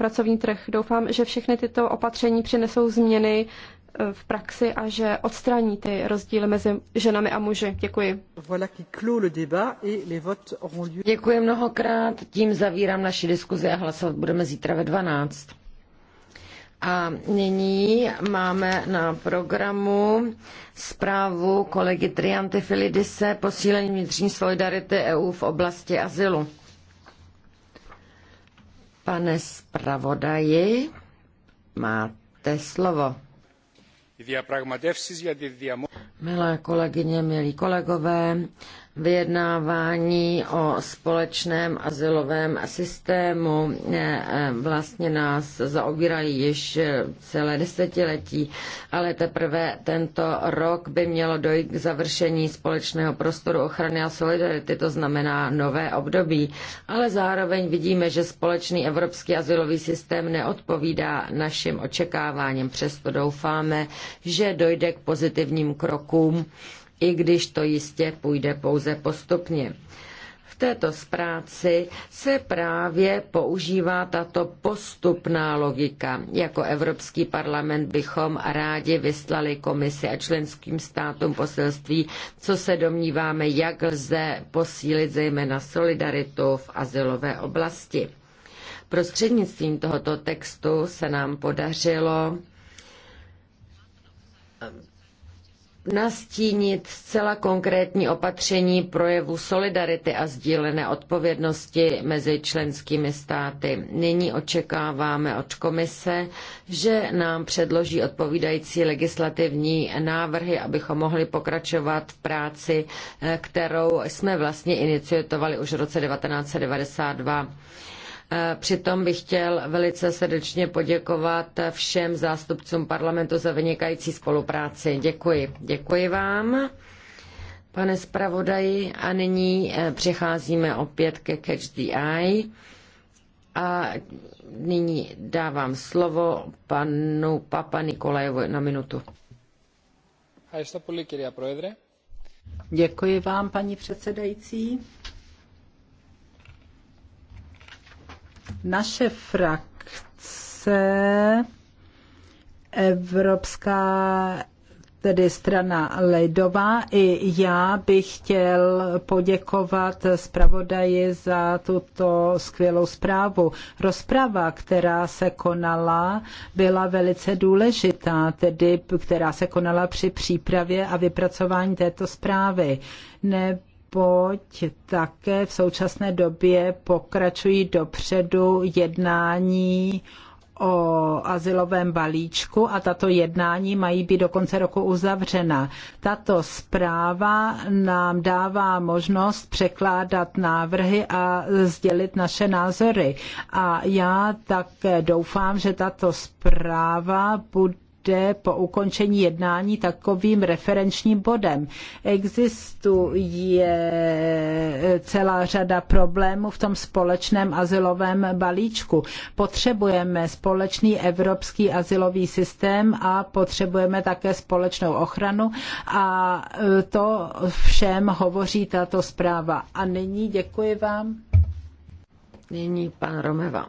pracovní trh. Doufám, že všechny tyto opatření přinesou změny eh, v praxi a že odstraní ty rozdíly mezi ženami a muži. Děkuji. Děkuji mnohokrát, tím zavírám naši diskuzi a hlasovat budeme zítra ve 12. A nyní máme na programu zprávu kolegy Trianty Filidise posílení vnitřní solidarity EU v oblasti azylu. Pane zpravodaji, máte slovo. Milé kolegyně, milí kolegové, vyjednávání o společném asilovém systému eh, eh, vlastně nás zaobírají již celé desetiletí, ale teprve tento rok by mělo dojít k završení společného prostoru ochrany a solidarity, to znamená nové období. Ale zároveň vidíme, že společný evropský asilový systém neodpovídá našim očekáváním. Přesto doufáme, že dojde k pozitivním krokům i když to jistě půjde pouze postupně. V této zpráci se právě používá tato postupná logika. Jako Evropský parlament bychom rádi vyslali komisi a členským státům poselství, co se domníváme, jak lze posílit zejména solidaritu v asilové oblasti. Prostřednictvím tohoto textu se nám podařilo nastínit zcela konkrétní opatření projevu solidarity a sdílené odpovědnosti mezi členskými státy. Nyní očekáváme od komise, že nám předloží odpovídající legislativní návrhy, abychom mohli pokračovat v práci, eh, kterou jsme vlastně iniciovali už v roce 1992. Přitom bych chtěl velice srdečně poděkovat všem zástupcům parlamentu za vynikající spolupráci. Děkuji. Děkuji vám, pane zpravodaji. A nyní eh, přecházíme opět ke Catch the Eye. A nyní dávám slovo panu Papa Nikolajevu na minutu. Děkuji vám, paní předsedající. Naše frakce Evropská tedy strana Lejdová. I já bych chtěl poděkovat zpravodaji za tuto skvělou zprávu. Rozprava, která se konala, byla velice důležitá, tedy která se konala při přípravě a vypracování této zprávy. Ne neboť také v současné době pokračují dopředu jednání o asilovém balíčku a tato jednání mají být do konce roku uzavřena. Tato zpráva nám dává možnost překládat návrhy a sdělit naše názory. A já také doufám, že tato zpráva bude bude po ukončení jednání takovým referenčním bodem. Existuje celá řada problémů v tom společném azylovém balíčku. Potřebujeme společný evropský azylový systém a potřebujeme také společnou ochranu a to všem hovoří tato zpráva. A nyní děkuji vám. Nyní pan Romeva.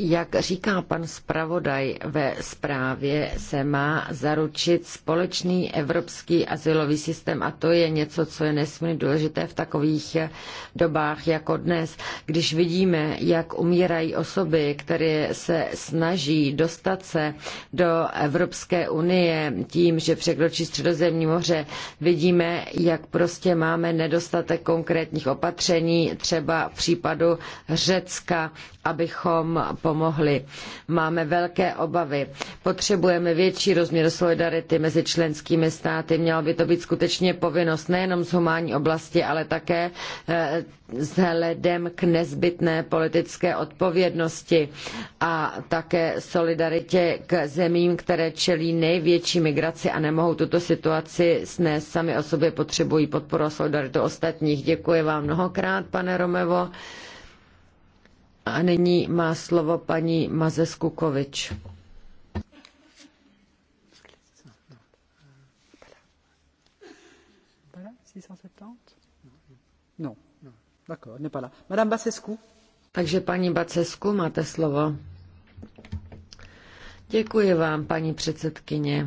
Jak říká pan zpravodaj ve zprávě, se má zaručit společný evropský asilový systém a to je něco, co je nesmírně důležité v takových dobách jako dnes, když vidíme, jak umírají osoby, které se snaží dostat se do Evropské unie tím, že překročí středozemní moře, vidíme, jak prostě máme nedostatek konkrétních opatření, třeba v případu Řecka, abychom pomohli. Máme velké obavy. Potřebujeme větší rozměr solidarity mezi členskými státy. Měla by to být skutečně povinnost nejenom z humánní oblasti, ale také eh, vzhledem k nezbytné politické odpovědnosti a také solidaritě k zemím, které čelí největší migraci a nemohou tuto situaci snést sami o sobě, potřebují podporu a solidaritu ostatních. Děkuji vám mnohokrát, pane Romevo. A nyní má slovo paní Mazeskukovič. No, d'accord, n'est pas là. Madame Basescu. Takže paní Bacesku, máte slovo. Děkuji vám, paní předsedkyně.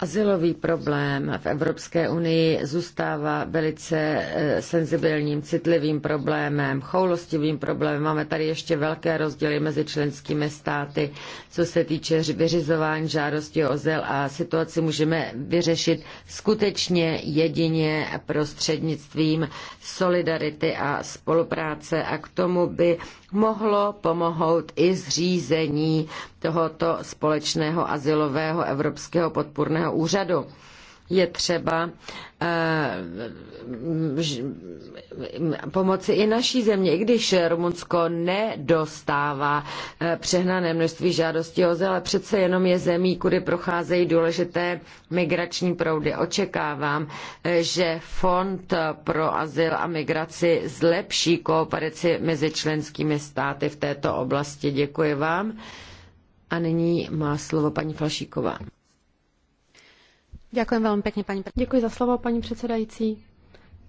Azylový problém v Evropské unii zůstává velice e, senzibilním, citlivým problémem, choulostivým problémem. Máme tady ještě velké rozdíly mezi členskými státy, co se týče vyřizování žádosti o azyl a situaci můžeme vyřešit skutečně jedině prostřednictvím solidarity a spolupráce a k tomu by mohlo pomohout i zřízení tohoto společného asilového evropského podpůrného úřadu je třeba eh, hm, pomoci i naší země, i když Rumunsko nedostává eh, přehnané množství žádostí o ale přece jenom je zemí, kudy procházejí důležité migrační proudy. Očekávám, eh, že Fond pro azyl a migraci zlepší kooperaci mezi členskými státy v této oblasti. Děkuji vám. A nyní má slovo paní Falšíková. Děkuji velmi pěkně, paní Děkuji za slovo, paní předsedající.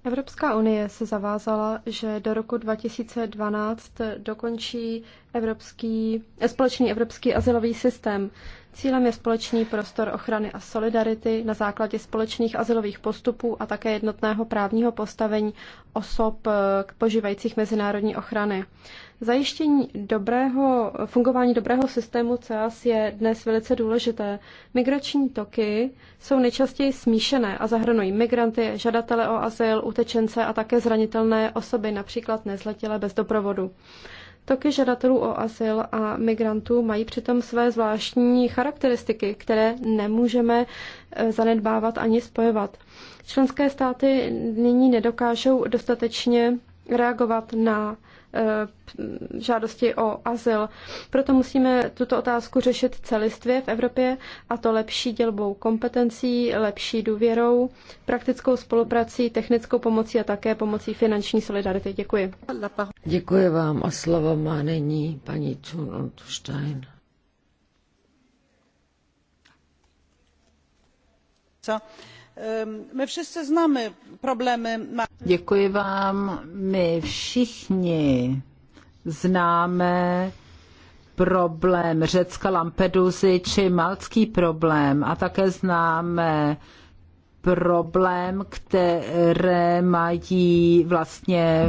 Evropská unie se zavázala, že do roku 2012 dokončí evropský, společný evropský asilový systém. Cílem je společný prostor ochrany a solidarity na základě společných azylových postupů a také jednotného právního postavení osob eh, požívajících mezinárodní ochrany. Zajištění dobrého, fungování dobrého systému CAS je dnes velice důležité. Migrační toky jsou nejčastěji smíšené a zahrnují migranty, žadatele o azyl, utečence a také zranitelné osoby, například nezletilé bez doprovodu. Toky žadatelů o asyl a migrantů mají přitom své zvláštní charakteristiky, které nemůžeme e, zanedbávat ani spojovat. Členské státy nyní nedokážou dostatečně reagovat na eh, žádosti o azyl. Proto musíme tuto otázku řešit celistvě v Evropě a to lepší dělbou kompetencí, lepší důvěrou, praktickou spoluprací, technickou pomocí a také pomocí finanční solidarity. Děkuji. Děkuji vám a slovo má nyní paní Thun Stein. Co? Ehm, my Děkuji vám. My všichni známe problém Řecka Lampeduzy či malcký problém a také známe problém, které mají vlastně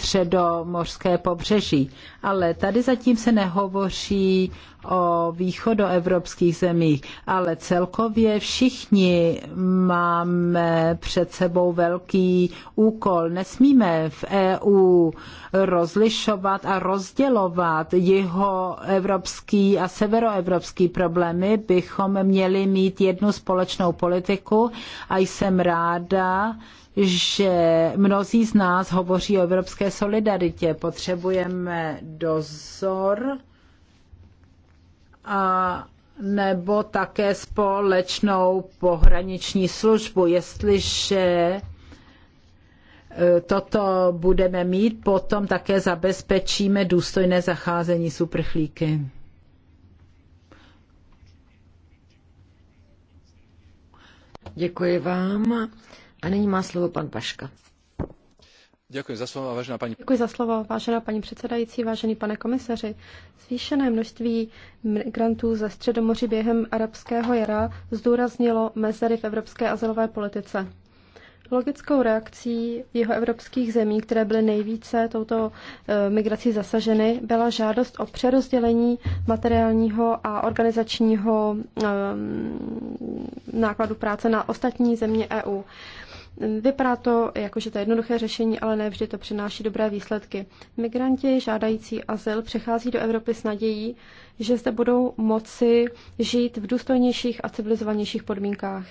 středomořské pobřeží. Ale tady zatím se nehovoří o východoevropských zemích, ale celkově všichni máme před sebou velký úkol. Nesmíme v EU rozlišovat a rozdělovat evropský a severoevropský problémy. Bychom měli mít jednu společnou politiku a jsem ráda, že mnozí z nás hovoří o evropské solidaritě. Potřebujeme dozor a nebo také společnou pohraniční službu. Jestliže eh, toto budeme mít, potom také zabezpečíme důstojné zacházení s uprchlíky. Děkuji vám. A nyní má slovo pan Paška. Děkuji za slovo, vážená paní. Děkuji za slovo, vážená paní předsedající, vážený pane komisaři. Zvýšené množství migrantů ze Středomoří během arabského jara zdůraznilo mezery v evropské azylové politice. Logickou reakcí jeho evropských zemí, které byly nejvíce touto eh, migrací zasaženy, byla žádost o přerozdělení materiálního a organizačního ehm, nákladu práce na ostatní země EU. Vypadá to jako, že to je jednoduché řešení, ale ne vždy to přináší dobré výsledky. Migranti žádající azyl přechází do Evropy s nadějí, že zde budou moci žít v důstojnějších a civilizovanějších podmínkách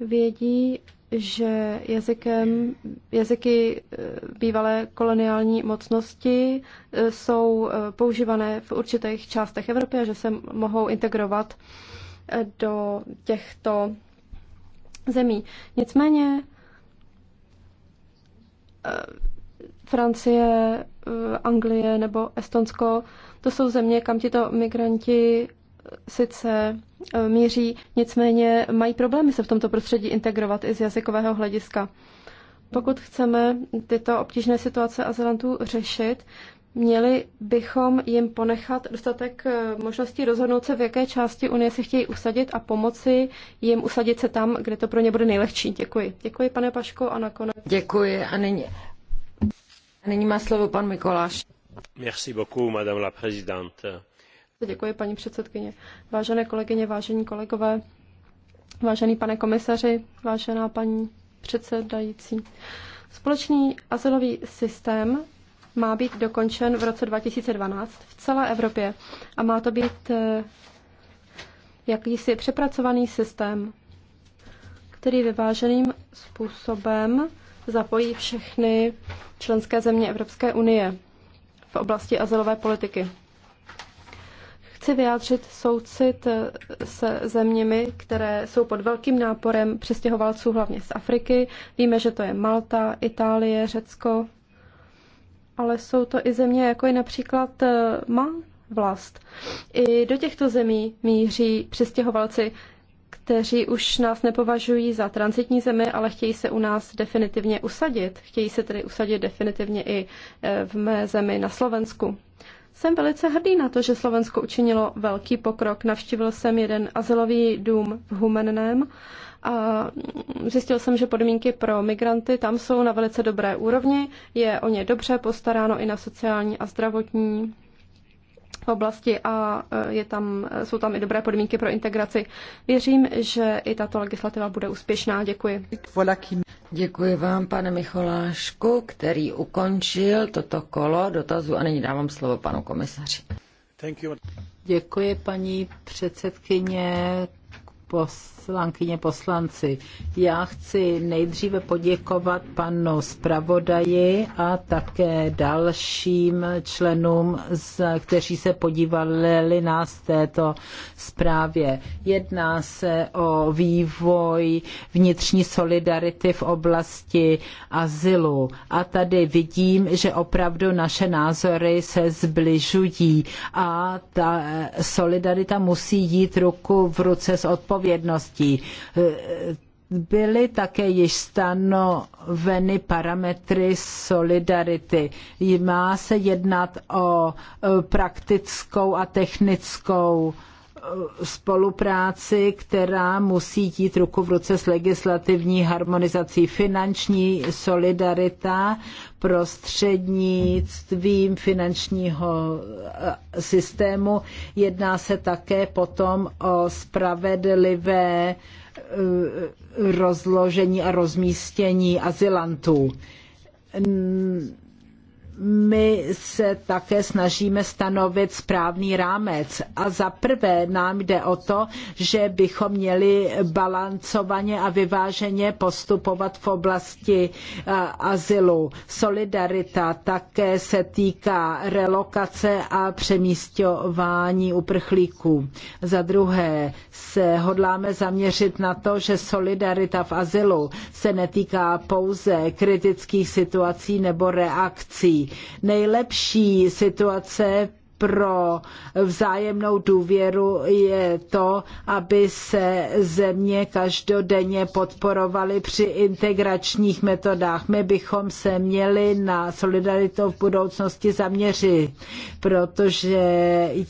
vědí, že jazykem, jazyky eh, bývalé koloniální mocnosti eh, jsou eh, používané v určitých částech Evropy a že se mohou integrovat do těchto zemí. Nicméně Francie, Anglie nebo Estonsko, to jsou země, kam tito migranti sice eh, míří, nicméně mají problémy se v tomto prostředí integrovat i z jazykového hlediska. Pokud chceme tyto obtížné situace azylantů řešit, měli bychom jim ponechat dostatek eh, možností rozhodnout se, v jaké části Unie se chtějí usadit a pomoci jim usadit se tam, kde to pro ně bude nejlehčí. Děkuji. Děkuji, pane Paško, a nakonec. Děkuji a nyní, a nyní má slovo pan Mikoláš. Merci beaucoup, madame la présidente. Děkuji, paní předsedkyně. Vážené kolegyně, vážení kolegové, vážený pane komisaři, vážená paní předsedající. Společný azylový systém má být dokončen v roce 2012 v celé Evropě a má to být eh, jakýsi přepracovaný systém, který vyváženým způsobem zapojí všechny členské země Evropské unie v oblasti azylové politiky. Chci vyjádřit soucit eh, se zeměmi, které jsou pod velkým náporem přestěhovalců hlavně z Afriky. Víme, že to je Malta, Itálie, Řecko, ale jsou to i země, jako je například eh, Mal vlast. I do těchto zemí míří přestěhovalci, kteří už nás nepovažují za transitní zemi, ale chtějí se u nás definitivně usadit. Chtějí se tedy usadit definitivně i eh, v mé zemi na Slovensku. Jsem velice hrdý na to, že Slovensko učinilo velký pokrok. Navštívil jsem jeden azylový dům v Humenném a zjistil jsem, že podmínky pro migranty tam jsou na velice dobré úrovni, je o ně dobře postaráno i na sociální a zdravotní oblasti a e, je tam, e, jsou tam i dobré podmínky pro integraci. Věřím, že i tato legislativa bude úspěšná. Děkuji. Děkuji vám, pane Micholášku, který ukončil toto kolo dotazu a nyní dávám slovo panu komisaři. Děkuji, paní předsedkyně, poslankyně poslanci. Já chci nejdříve poděkovat panu zpravodaji a také dalším členům, kteří se podívali nás této zprávě. Jedná se o vývoj vnitřní solidarity v oblasti azylu. A tady vidím, že opravdu naše názory se zbližují a ta solidarita musí jít ruku v ruce s odpovědností odpovědností. Byly také již stanoveny parametry solidarity. Má se jednat o eh, praktickou a technickou spolupráci, která musí jít ruku v ruce s legislativní harmonizací finanční solidarita prostřednictvím finančního eh, systému. Jedná se také potom o spravedlivé eh, rozložení a rozmístění azylantů my se také snažíme stanovit správný rámec. A za prvé nám jde o to, že bychom měli balancovaně a vyváženě postupovat v oblasti eh, azylu. Solidarita také se týká relokace a přemístování uprchlíků. Za druhé se hodláme zaměřit na to, že solidarita v azylu se netýká pouze kritických situací nebo reakcí Nejlepší situace pro vzájemnou důvěru je to, aby se země každodenně podporovaly při integračních metodách. My bychom se měli na solidaritu v budoucnosti zaměřit, protože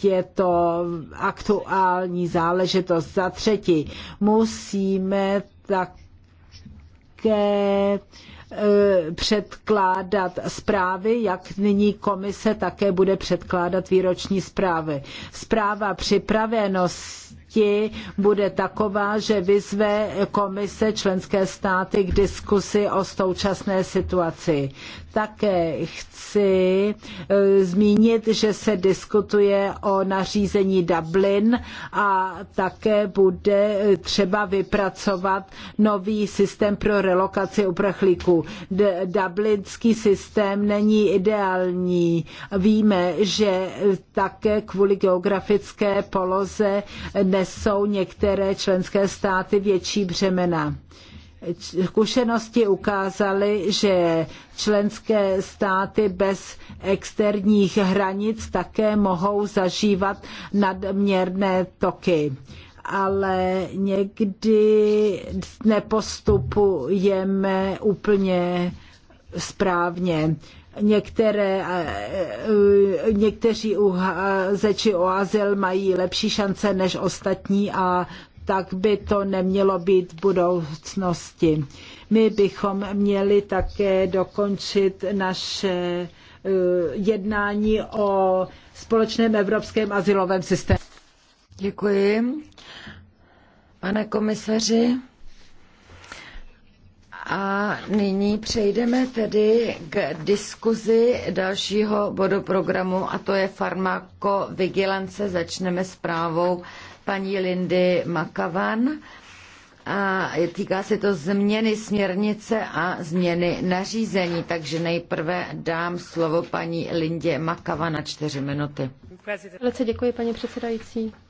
je to aktuální záležitost. Za třetí, musíme tak také eh, předkládat zprávy, jak nyní komise také bude předkládat výroční zprávy. Zpráva připravenosti ti bude taková, že vyzve komise členské státy k diskusi o současné situaci. Také chci eh, zmínit, že se diskutuje o nařízení Dublin a také bude eh, třeba vypracovat nový systém pro relokaci uprchlíků. Dublinský systém není ideální. Víme, že eh, také kvůli geografické poloze nesou některé členské státy větší břemena. Zkušenosti ukázaly, že členské státy bez externích hranic také mohou zažívat nadměrné toky ale někdy nepostupujeme úplně správně některé, eh, eh, někteří uhazeči o azyl mají lepší šance než ostatní a tak by to nemělo být v budoucnosti. My bychom měli také dokončit naše eh, jednání o společném evropském asilovém systému. Děkuji. Pane komisaři, a nyní přejdeme tedy k diskuzi dalšího bodu programu a to je farmakovigilance. Začneme s právou paní Lindy Makavan. A týká se to změny směrnice a změny nařízení. Takže nejprve dám slovo paní Lindě Makavan na čtyři minuty. Velice děkuji, paní předsedající.